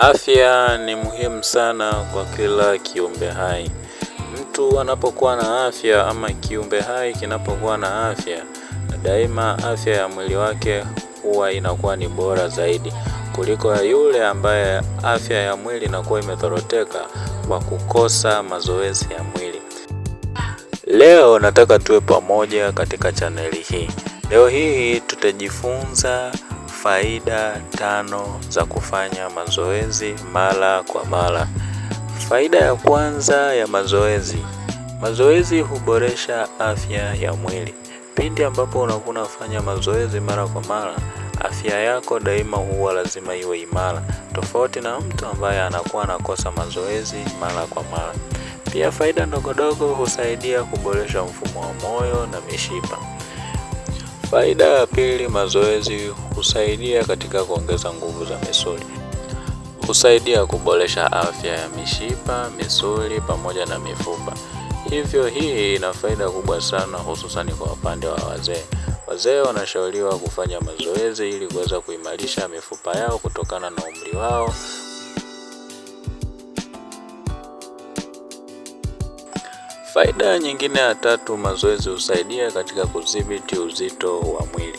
Afya ni muhimu sana kwa kila kiumbe hai. Mtu anapokuwa na afya ama kiumbe hai kinapokuwa na afya, daima afya ya mwili wake huwa inakuwa ni bora zaidi kuliko ya yule ambaye afya ya mwili inakuwa imethoroteka kwa kukosa mazoezi ya mwili. Leo nataka tuwe pamoja katika chaneli hii. Leo hii tutajifunza Faida tano za kufanya mazoezi mara kwa mara. Faida ya kwanza ya mazoezi, mazoezi huboresha afya ya mwili. Pindi ambapo unakuwa unafanya mazoezi mara kwa mara, afya yako daima huwa lazima iwe imara, tofauti na mtu ambaye anakuwa anakosa mazoezi mara kwa mara. Pia faida ndogondogo husaidia kuboresha mfumo wa moyo na mishipa. Faida ya pili, mazoezi husaidia katika kuongeza nguvu za misuli. Husaidia kuboresha afya ya mishipa, misuli pamoja na mifupa. Hivyo hii ina faida kubwa sana hususani kwa upande wa wazee. Wazee wanashauriwa kufanya mazoezi ili kuweza kuimarisha mifupa yao kutokana na umri wao. Faida nyingine ya tatu, mazoezi husaidia katika kudhibiti uzito wa mwili.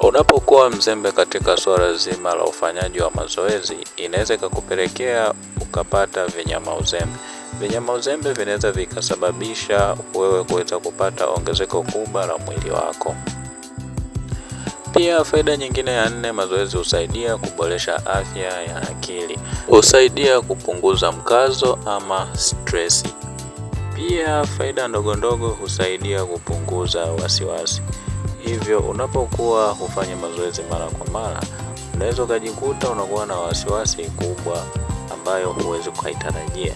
Unapokuwa mzembe katika suala zima la ufanyaji wa mazoezi, inaweza ikakupelekea ukapata vinyama uzembe. Vinyama uzembe vinaweza vikasababisha wewe kuweza kupata ongezeko kubwa la mwili wako. Pia faida nyingine ya nne, mazoezi husaidia kuboresha afya ya akili, husaidia kupunguza mkazo ama stress. Pia faida ndogo ndogo husaidia kupunguza wasiwasi. Hivyo unapokuwa hufanya mazoezi mara kwa mara, unaweza ukajikuta unakuwa na wasiwasi kubwa ambayo huwezi kuitarajia.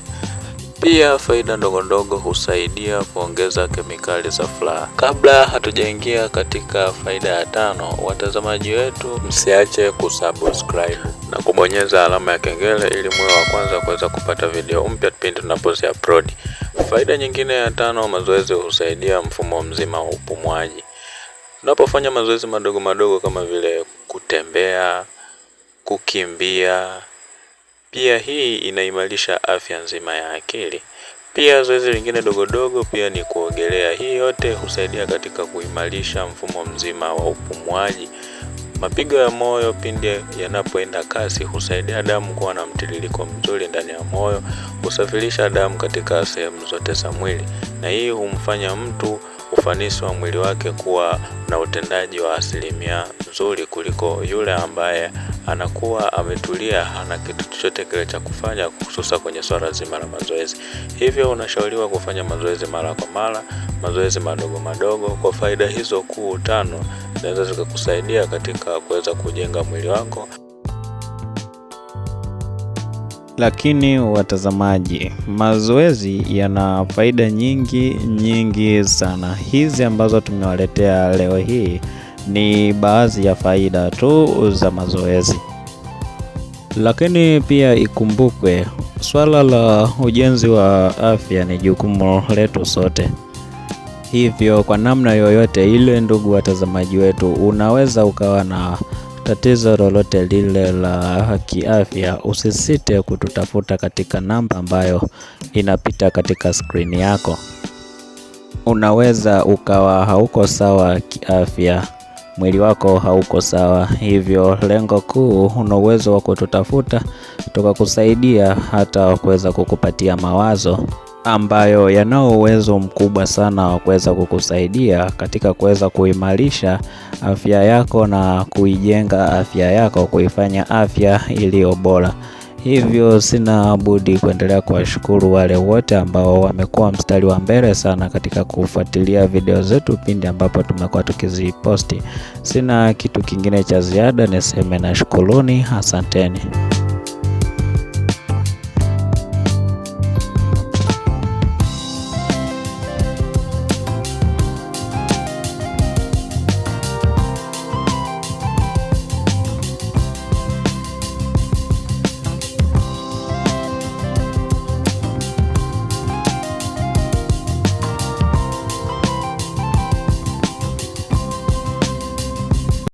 Pia faida ndogondogo husaidia kuongeza kemikali za furaha. Kabla hatujaingia katika faida ya tano, watazamaji wetu msiache kusubscribe na kubonyeza alama ya kengele ili mwe wa kwanza kuweza kupata video mpya pindi tunapozi upload. Faida nyingine ya tano, mazoezi husaidia mfumo mzima wa upumuaji. Tunapofanya mazoezi madogo madogo kama vile kutembea, kukimbia pia hii inaimarisha afya nzima ya akili. Pia zoezi lingine dogodogo pia ni kuogelea. Hii yote husaidia katika kuimarisha mfumo mzima wa upumuaji. Mapigo ya moyo pindi yanapoenda kasi husaidia damu kuwa na mtiririko mzuri ndani ya moyo, kusafirisha damu katika sehemu zote za mwili, na hii humfanya mtu ufanisi wa mwili wake kuwa na utendaji wa asilimia nzuri kuliko yule ambaye anakuwa ametulia, hana kitu chochote kile cha kufanya, hususa kwenye swala zima la mazoezi. Hivyo unashauriwa kufanya mazoezi mara kwa mara, mazoezi madogo madogo. Kwa faida hizo kuu tano zinaweza zikakusaidia katika kuweza kujenga mwili wako. Lakini watazamaji, mazoezi yana faida nyingi nyingi sana. Hizi ambazo tumewaletea leo hii ni baadhi ya faida tu za mazoezi, lakini pia ikumbukwe swala la ujenzi wa afya ni jukumu letu sote. Hivyo kwa namna yoyote ile, ndugu watazamaji wetu, unaweza ukawa na tatizo lolote lile la kiafya, usisite kututafuta katika namba ambayo inapita katika skrini yako. Unaweza ukawa hauko sawa kiafya, mwili wako hauko sawa, hivyo lengo kuu, una uwezo wa kututafuta tukakusaidia, hata kuweza kukupatia mawazo ambayo yanao uwezo mkubwa sana wa kuweza kukusaidia katika kuweza kuimarisha afya yako na kuijenga afya yako, kuifanya afya iliyo bora. Hivyo sina budi kuendelea kuwashukuru wale wote ambao wamekuwa mstari wa mbele sana katika kufuatilia video zetu pindi ambapo tumekuwa tukiziposti. Sina kitu kingine cha ziada, niseme na shukuruni, asanteni.